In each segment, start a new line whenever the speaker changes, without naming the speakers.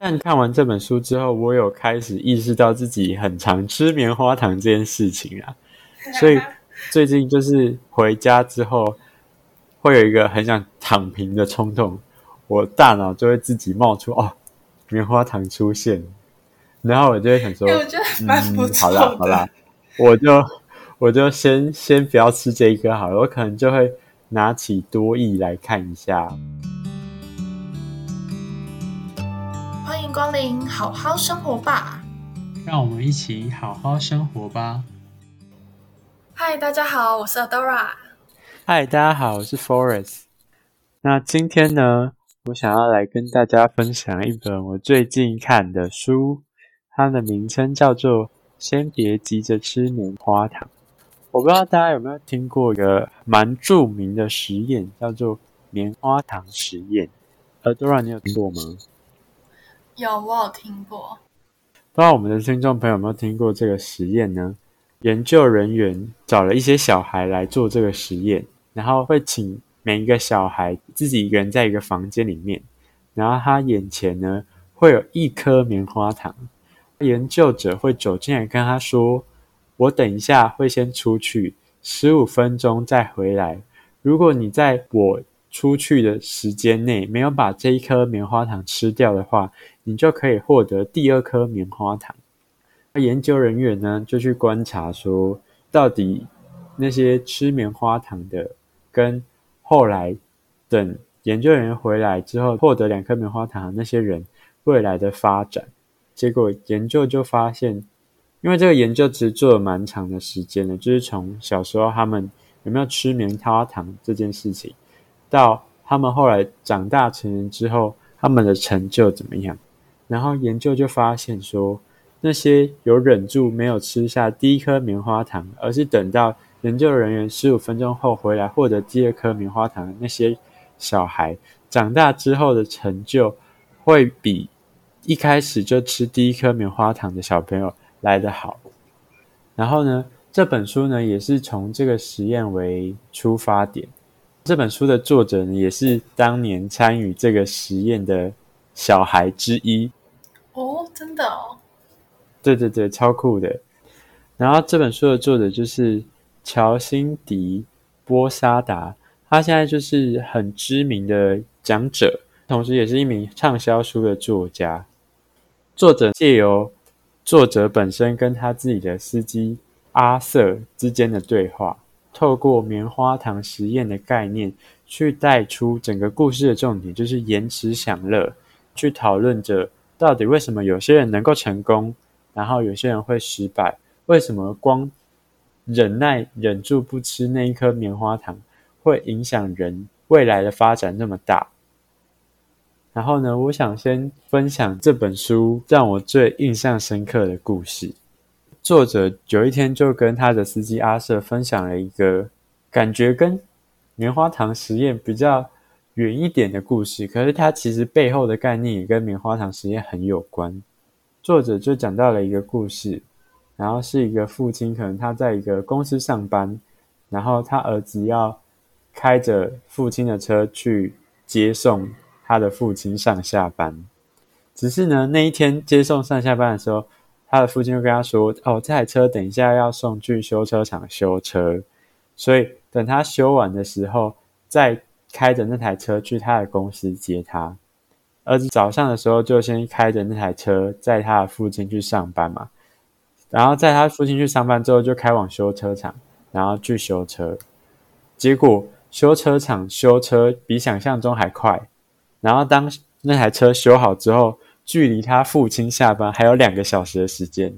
但看完這本書之後，我有開始意識到自己很常吃棉花糖這件事情啊，所以最近就是回家之後，會有一個很想躺平的衝動，我大腦就會自己冒出哦，棉花糖出現，然後我就會想說，欸我覺得蠻不錯的，嗯，好啦好啦，我就我就先先不要吃這一顆好了，我可能就會拿起多益來看一下。嗯
光臨，好好生活吧。
讓我們一起好好生活吧。
嗨，大家好，我是 Adora。
嗨，大家好，我是 Forest。那今天呢，我想要來跟大家分享一本我最近看的書，它的名稱叫做《先別急着吃棉花糖》。我不知道大家有沒有聽過一個蠻著名的實驗，叫做棉花糖實驗。Adora，你有聽過嗎？
有，我有
聽過。不知道我們的聽眾朋友有沒有聽過這個實驗呢？研究人員找了一些小孩來做這個實驗，然後會請每一個小孩自己一個人在一個房間裡面，然後他眼前呢，會有一顆棉花糖。研究者會走進來跟他說：“我等一下會先出去十五分鐘再回來，如果你在我出去的時間內沒有把這一顆棉花糖吃掉的話。”你就可以獲得第二顆棉花糖。那研究人員呢，就去觀察說，到底那些吃棉花糖的，跟後來等研究人員回來之後獲得兩顆棉花糖的那些人未來的發展。結果研究就發現，因為這個研究其實做了蠻長的時間的，就是從小時候他們有沒有吃棉花糖這件事情，到他們後來長大成人之後，他們的成就怎麼樣。然後研究就發現說，那些有忍住沒有吃下第一顆棉花糖，而是等到研究人員十五分鐘後回來獲得第二顆棉花糖的那些小孩長大之後的成就會比一開始就吃第一顆棉花糖的小朋友來得好。然後呢，這本書呢也是從這個實驗為出發點，這本書的作者呢也是當年參與這個實驗的小孩之一。哦，oh, 真的哦！對對對，超酷的。然後這本書的作者就是喬辛迪波沙達，他現在就是很知名的講者，同時也是一名暢銷書的作家。作者借由作者本身跟他自己的司機阿瑟之間的對話，透過棉花糖實驗的概念，去帶出整個故事的重點，就是延遲享樂，去討論着到底為什麼有些人能夠成功，然後有些人會失敗？為什麼光忍耐、忍住不吃那一顆棉花糖，會影響人未來的發展那麼大？然後呢，我想先分享這本書讓我最印象深刻的故事。作者有一天就跟他的司機阿瑟分享了一個感覺，跟棉花糖實驗比較遠一點的故事，可是它，其實背後的概念也跟棉花糖實驗很有關。作者就講到了一個故事，然後是一個父親，可能他在一個公司上班，然後他兒子要開着父親的車去接送他的父親上下班。只是呢，那一天接送上下班的時候，他的父親就跟他說：“哦，這台車等一下要送去修車廠修車，所以等他修完的時候再。”開着那台車去他的公司接他兒子。早上的時候就先開着那台車，載他的父親去上班嘛。然後在他父親去上班之後，就開往修車廠，然後去修車。結果修車廠修車比想象中還快。然後當那台車修好之後，距離他父親下班還有兩個小時的時間。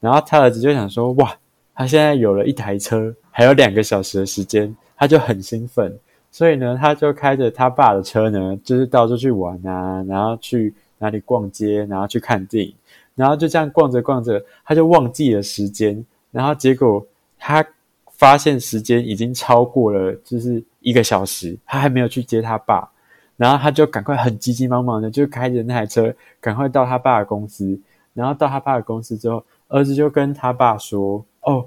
然後他兒子就想說：“哇，他現在有了一台車，還有兩個小時的時間，他就很興奮。”所以呢，他就開着他爸的車呢，就是到處去玩啊，然後去哪裡逛街，然後去看電影，然後就這樣逛着逛着，他就忘記了時間，然後結果他發現時間已經超過了就是一個小時，他還沒有去接他爸，然後他就趕快很急急忙忙的就開着那台車，趕快到他爸的公司，然後到他爸的公司之後，兒子就跟他爸說，哦。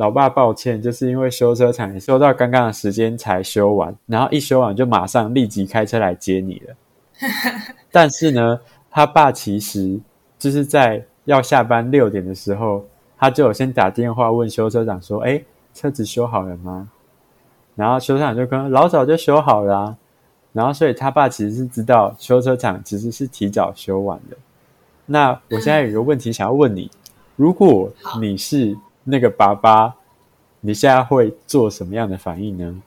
老爸，抱歉，就是因為修車廠也收到剛剛的時間才修完，然後一修完就馬上立即開車來接你了。但是呢，他爸其實就是在要下班六點的時候，他就有先打電話問修車廠說：“哎、欸，車子修好了嗎？”然後修車廠就跟老早就修好了，啊。然後，所以他爸其實是知道修車廠其實是提早修完的。那我現在有一個問題想要問你：如果你是那個爸爸，你現在會做什麼樣的反應呢？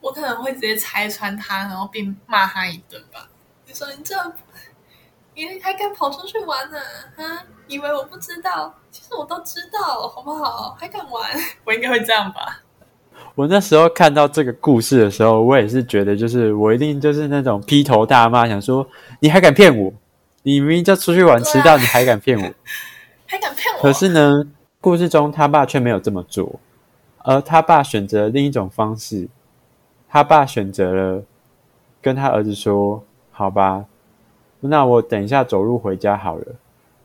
我可能
會直接拆穿他，然後並罵他一頓吧。你說你這，你還敢跑出去玩呢、啊？啊，以為我不知道，其實我都知道，好不好？還敢玩，我應該會這樣吧。
我那時候看到這個故事的時候，我也是覺得，就是我一定就是那種劈頭大罵，想說你還敢騙我？你明明就出去玩、啊、遲到，你還敢騙我？ 還敢騙我？可是呢，故事中他爸卻沒有這麼做，而他爸選擇另一種方式。他爸選擇了跟他兒子說：“好吧，那我等一下走路回家好了。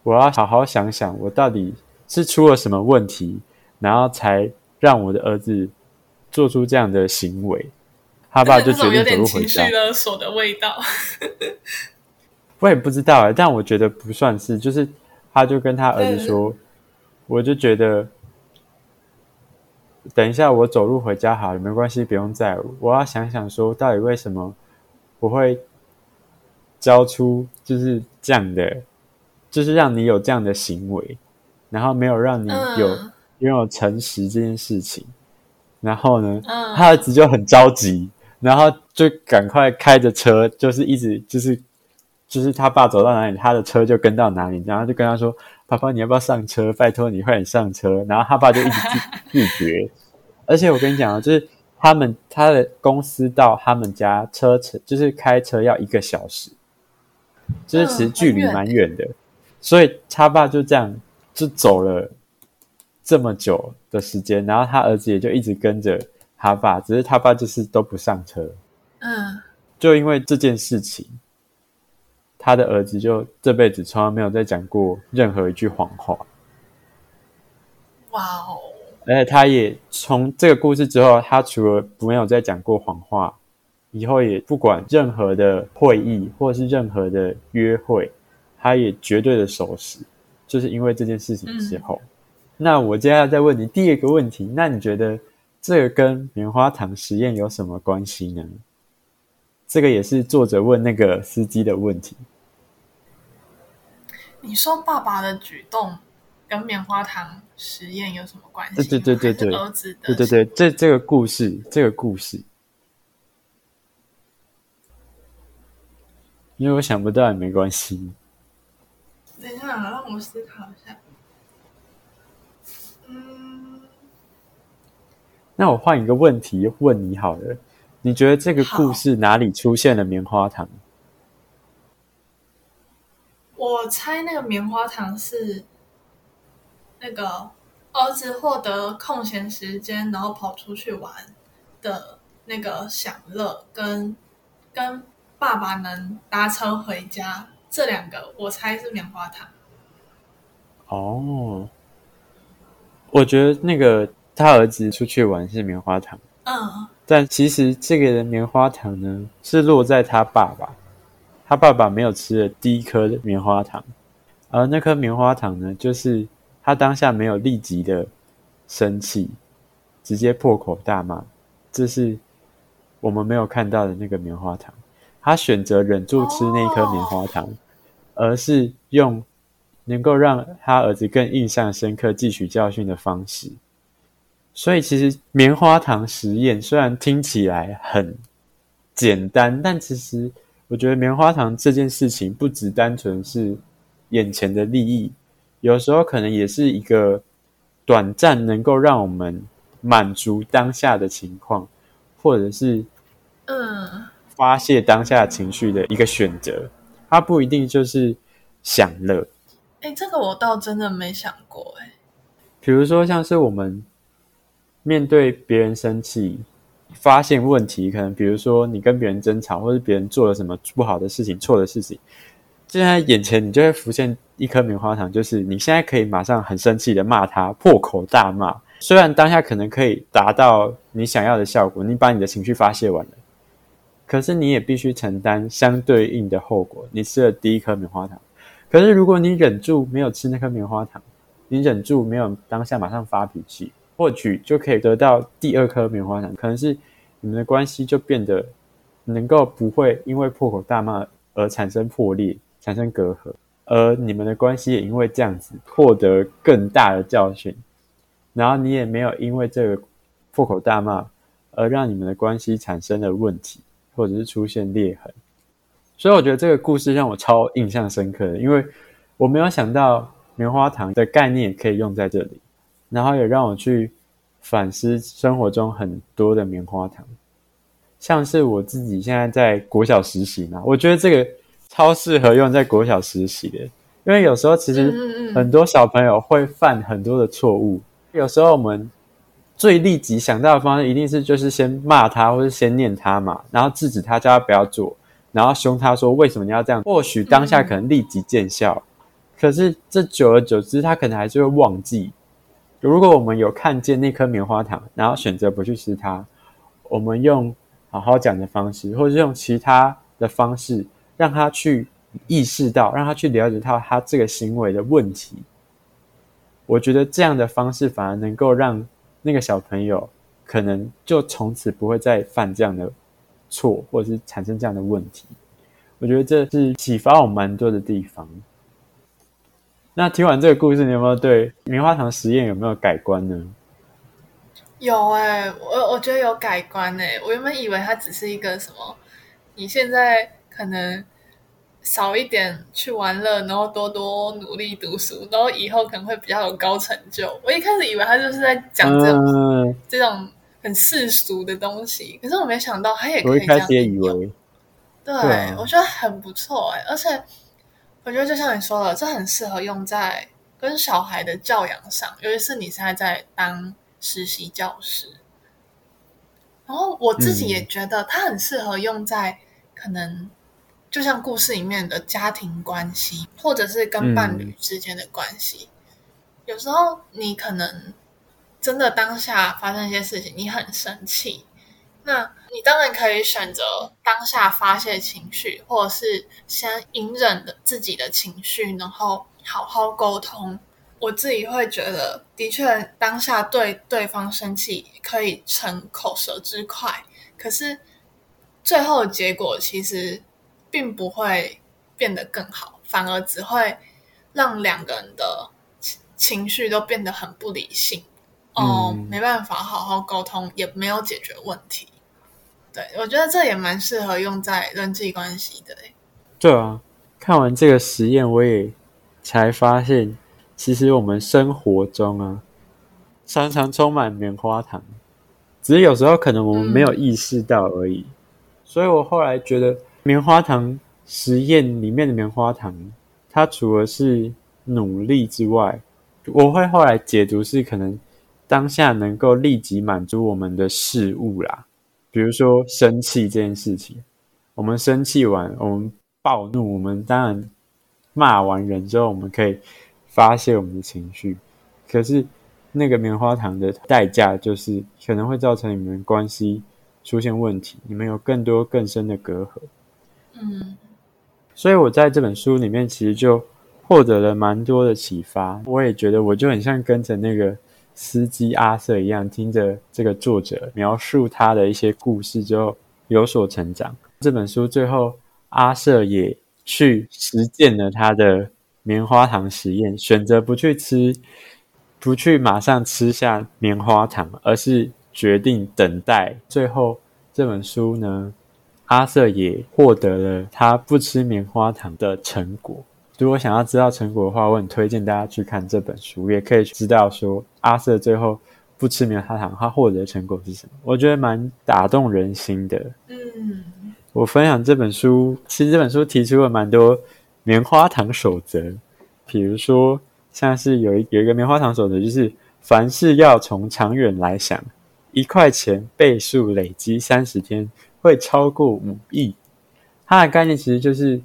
我要好好想想，我到底是出了什麼問題，然後才讓我的兒子做出這樣的行為。”他爸就決定走路回家。有點
情緒勒索的味道。
我也不知道哎、欸，但我覺得不算是，就是。他就跟他兒子說：“對我就覺得，等一下我走路回家好了，沒關係，不用在乎，我要想想說，說到底為什麼我會教出就是這樣的，就是讓你有這樣的行為，然後沒有讓你有擁、嗯、有誠實這件事情。然後呢，嗯、他兒子就很着急，然後就趕快開着車，就是一直就是。”就是他爸走到哪裡，他的車就跟到哪裡，然後就跟他說：“爸爸，你要不要上車？拜託你快點上車。”然後他爸就一直拒拒絕。 而且我跟你講啊，就是他們他的公司到他們家車程就是開車要一個小時，就是其實距離蠻遠的，呃、所以他爸就這樣就走了這麼久的時間，然後他兒子也就一直跟着他爸，只是他爸就是都不上車，嗯、呃，就因為這件事情。他的兒子就這輩子從來沒有再講過任何一句謊話。
哇
哦！而且他也從這個故事之後，他除了沒有再講過謊話，以後也不管任何的會議或是任何的約會，他也絕對的守時。就是因為這件事情之後，嗯。那我接下來再問你第二個問題，那你覺得這個跟棉花糖實驗有什麼關係呢？這個也是作者問那個司機的問題。
你說爸爸的舉動跟棉花糖實驗有什麼關係？對對對對對，對對對，這
這個故事，這個故事，因為我想不到也沒關係。等一下，讓我思考
一下。
嗯，那我換一個問題問你好了，你覺得這個故事哪裡出現了棉花糖？
我猜那個棉花糖是那個兒子獲得空閒時間，然後跑出去玩的那個享樂，跟跟爸爸能搭車回家這兩個，我猜是棉花糖。
哦，我覺得那個他兒子出去玩是棉花糖，嗯，但其實這個人棉花糖呢，是落在他爸爸。他爸爸沒有吃的第一顆棉花糖，而那顆棉花糖呢，就是他當下沒有立即的生氣，直接破口大罵。這是我們沒有看到的那個棉花糖。他選擇忍住吃那一顆棉花糖，而是用能夠讓他兒子更印象深刻、汲取教訓的方式。所以，其實棉花糖實驗雖然聽起來很簡單，但其實。我覺得棉花糖這件事情不只單純是眼前的利益，有時候可能也是一個短暫能夠讓我們滿足當下的情況，或者是嗯發洩當下的情緒的一個選擇。它不一定就是享樂。
誒，這個我倒真的沒想過誒。誒，
比如說像是我們面對別人生氣。發現問題，可能比如說你跟別人爭吵，或是別人做了什麼不好的事情、錯的事情，就在眼前，你就會浮現一顆棉花糖，就是你現在可以馬上很生氣的罵他，破口大罵。雖然當下可能可以達到你想要的效果，你把你的情緒發洩完了，可是你也必須承擔相對應的後果。你吃了第一顆棉花糖，可是如果你忍住沒有吃那顆棉花糖，你忍住沒有當下馬上發脾氣，或許就可以得到第二顆棉花糖，可能是你們的關係就變得能夠不會因為破口大罵而產生破裂、產生隔閡，而你們的關係也因為這樣子獲得更大的教訓，然後你也沒有因為這個破口大罵而讓你們的關係產生了問題，或者是出現裂痕。所以我覺得這個故事讓我超印象深刻的，因為我沒有想到棉花糖的概念可以用在這裡。然後也讓我去反思生活中很多的棉花糖，像是我自己現在在國小實習嘛，我覺得這個超適合用在國小實習的，因為有時候其實很多小朋友會犯很多的錯誤，有時候我們最立即想到的方式一定是就是先罵他，或是先念他嘛，然後製止他叫他不要做，然後兇他說為什麼你要這樣？或許當下可能立即見效，可是這久而久之，他可能還是會忘記。如果我們有看見那顆棉花糖，然後選擇不去吃它，我們用好好講的方式，或者是用其他的方式，讓他去意識到，讓他去了解到他這個行為的問題。我覺得這樣的方式反而能夠讓那個小朋友可能就從此不會再犯這樣的錯，或者是產生這樣的問題。我覺得這是啟發我蠻多的地方。那聽完這個故事，你有沒有對棉花糖實驗有沒有改觀呢？
有哎、欸，我我覺得有改觀哎、欸。我原本以為它只是一個什麼，你現在可能少一點去玩樂，然後多多努力讀書，然後以後可能會比較有高成就。我一開始以為他就是在講這種、嗯、這種很世俗的東西，可是我沒想到他也可以這樣。第一開始也以為對，對啊，我覺得很不錯哎、欸，而且。我覺得就像你說的，這很適合用在跟小孩的教養上，尤其是你現在在當實習教師。然後我自己也覺得它很適合用在可能就像故事裡面的家庭關係，或者是跟伴侶之間的關係。嗯、有時候你可能真的當下發生一些事情，你很生氣。那你當然可以選擇當下發洩情緒，或者是先隱忍的自己的情緒，然後好好溝通。我自己會覺得，的確當下對對方生氣可以逞口舌之快，可是最後的結果其實並不會變得更好，反而只會讓兩個人的情緒都變得很不理性，嗯、哦，沒辦法好好溝通，也沒有解決問題。對，我覺得這也蠻適合用在人際關係的。
對啊，看完這個實驗，我也才發現，其實我們生活中啊，常常充滿棉花糖，只是有時候可能我們沒有意識到而已。嗯。所以我後來覺得棉花糖實驗裡面的棉花糖，它除了是努力之外，我會後來解讀是可能當下能夠立即滿足我們的事物啦。比如說生氣這件事情，我們生氣完，我們暴怒，我們當然罵完人之後，我們可以發洩我們的情緒。可是那個棉花糖的代價，就是可能會造成你們關係出現問題，你們有更多更深的隔閡。嗯，所以我在這本書裡面，其實就獲得了蠻多的啟發。我也覺得，我就很像跟着那個。司機阿瑟一樣，聽着這個作者描述他的一些故事之後，有所成長。這本書最後，阿瑟也去實踐了他的棉花糖實驗，選擇不去吃，不去馬上吃下棉花糖，而是決定等待。最後，這本書呢，阿瑟也獲得了他不吃棉花糖的成果。如果想要知道成果的話，我很推薦大家去看這本書，也可以知道說阿瑟最後不吃棉花糖，他獲得成果是什麼。我覺得蠻打動人心的。嗯，我分享這本書，其實這本書提出了蠻多棉花糖守則，比如說像是有一有一個棉花糖守則，就是凡事要從長遠來想，一塊錢倍數累積三十天會超過五億。它的概念其實就是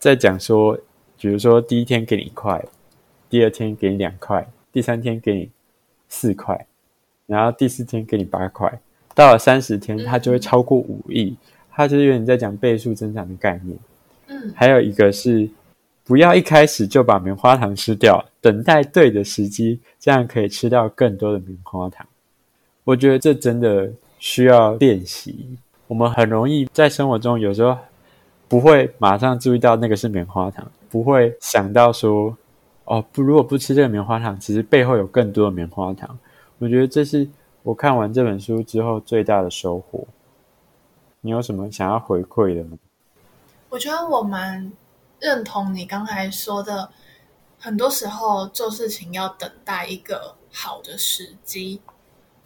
在講說。比如說，第一天給你一塊，第二天給你兩塊，第三天給你四塊，然後第四天給你八塊，到了三十天，它就會超過五億。它就是有點在講倍數增長的概念。嗯，還有一個是不要一開始就把棉花糖吃掉，等待對的時機，這樣可以吃到更多的棉花糖。我覺得這真的需要練習。我們很容易在生活中有時候不會馬上注意到那個是棉花糖。不會想到說，哦不，如果不吃這個棉花糖，其實背後有更多的棉花糖。我覺得這是我看完這本書之後最大的收穫。你有什麼想要回饋的嗎？
我覺得我蠻認同你剛才說的，很多時候做事情要等待一個好的時機，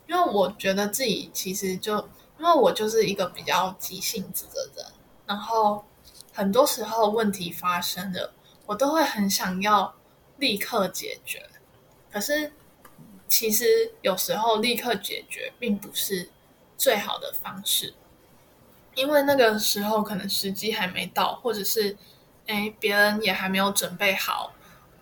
因為我覺得自己其實就因為我就是一個比較急性子的人，然後。很多時候問題發生了，我都會很想要立刻解決。可是，其實有時候立刻解決並不是最好的方式，因為那個時候可能時機還沒到，或者是誒，別人也還沒有準備好，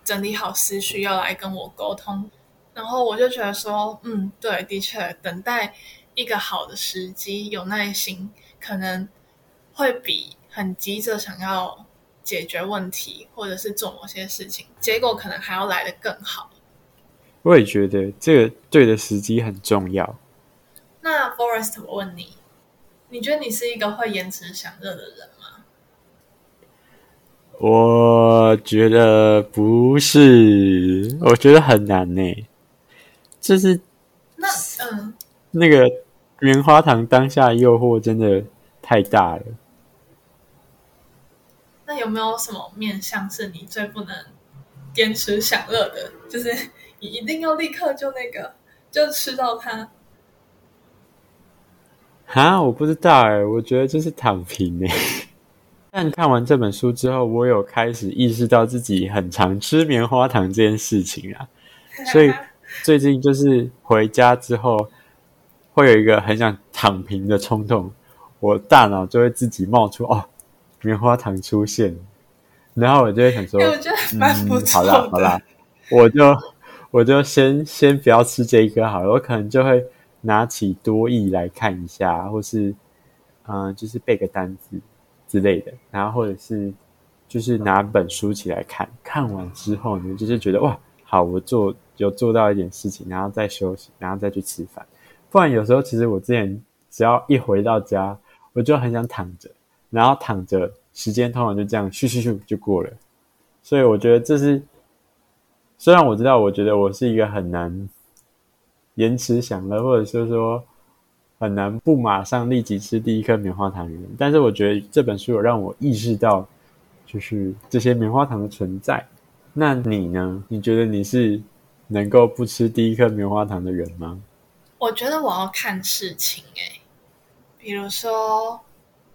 整理好思緒要來跟我溝通。然後我就覺得說，嗯，對，的確，等待一個好的時機，有耐心，可能會比。很急着想要解決問題，或者是做某些事情，結果可能還要來得更好。
我也覺得這個對的時機很重要。
那 Forest，我問你，你覺得你是一個會延遲享樂的人嗎？
我覺得不是，我覺得很難呢。就是那嗯，那個棉花糖當下誘惑真的太大了。
那有沒有什麼面向是你最不能延遲享樂的？就是你一定要立刻就那
個就吃到它？啊，我不知道哎、欸，我覺得這是躺平誒、欸、 但看完這本書之後，我有開始意識到自己很常吃棉花糖這件事情啊，所以最近就是回家之後， 會有一個很想躺平的衝動，我大腦就會自己冒出哦，棉花糖出現，然後我就會想說：“
欸、我、嗯、好啦好啦，
我就我就先先不要吃這一顆好了。我可能就會拿起多益來看一下，或是嗯、呃，就是背個單詞之類的。然後或者是就是拿本書起來看，嗯、看完之後呢，就是覺得哇，好，我做有做到一點事情，然後再休息，然後再去吃飯。不然有時候其實我之前只要一回到家，我就很想躺着。然後躺着，時間通常就這樣咻咻咻就過了。所以我覺得這是，雖然我知道，我覺得我是一個很難延遲享樂，或者是說，說很難不馬上立即吃第一顆棉花糖的人。但是我覺得這本書有讓我意識到，就是這些棉花糖的存在。那你呢？你覺得你是能夠不吃第一顆棉花糖的人嗎？
我覺得我要看事情哎，比如說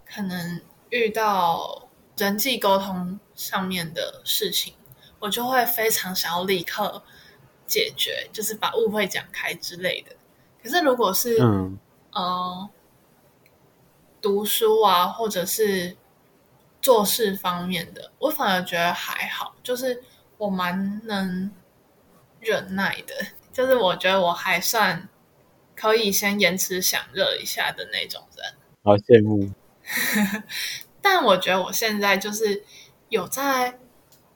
可能。遇到人際溝通上面的事情，我就會非常想要立刻解決，就是把誤會講開之類的。可是如果是
嗯、
呃，讀書啊，或者是做事方面的，我反而覺得還好，就是我蠻能忍耐的，就是我覺得我還算可以先延遲享樂一下的那種人。
好羨慕。謝謝。
但我覺得我現在就是有在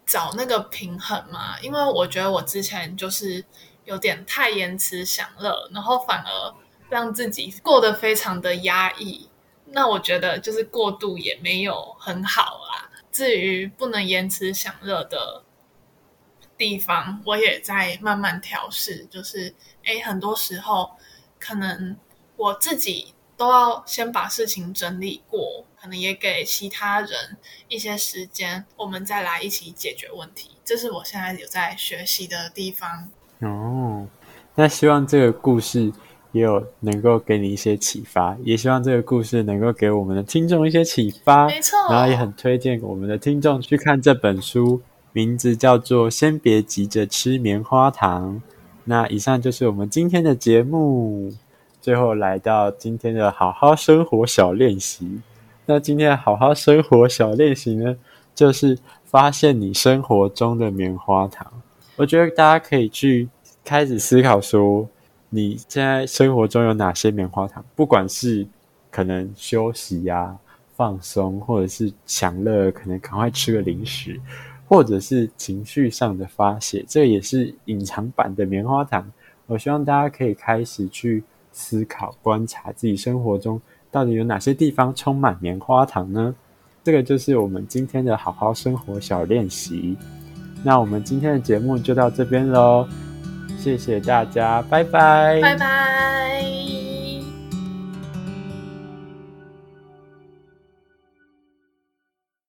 找那個平衡嘛，因為我覺得我之前就是有點太延遲享樂，然後反而讓自己過得非常的壓抑。那我覺得就是過度也沒有很好啊。至於不能延遲享樂的地方，我也在慢慢調試。就是，誒，很多時候可能我自己。都要先把事情整理過，可能也給其他人一些時間，我們再來一起解決問題。這是我現在有在學習的地方。
哦，那希望這個故事也有能夠給你一些啟發，也希望這個故事能夠給我們的聽眾一些啟發。沒錯，然後也很推薦我們的聽眾去看這本書，名字叫做《先別急着吃棉花糖》。那以上就是我們今天的節目。最後來到今天的好好生活小練習。那今天的好好生活小練習呢，就是發現你生活中的棉花糖。我覺得大家可以去開始思考說，你現在生活中有哪些棉花糖？不管是可能休息呀、啊、放鬆，或者是享樂，可能趕快吃個零食，或者是情緒上的發泄，這個、也是隱藏版的棉花糖。我希望大家可以開始去。思考觀察自己生活中到底有哪些地方充滿棉花糖呢？這個就是我們今天的好好生活小練習。那我們今天的節目就到這邊嘍，謝謝大家，拜拜，拜
拜。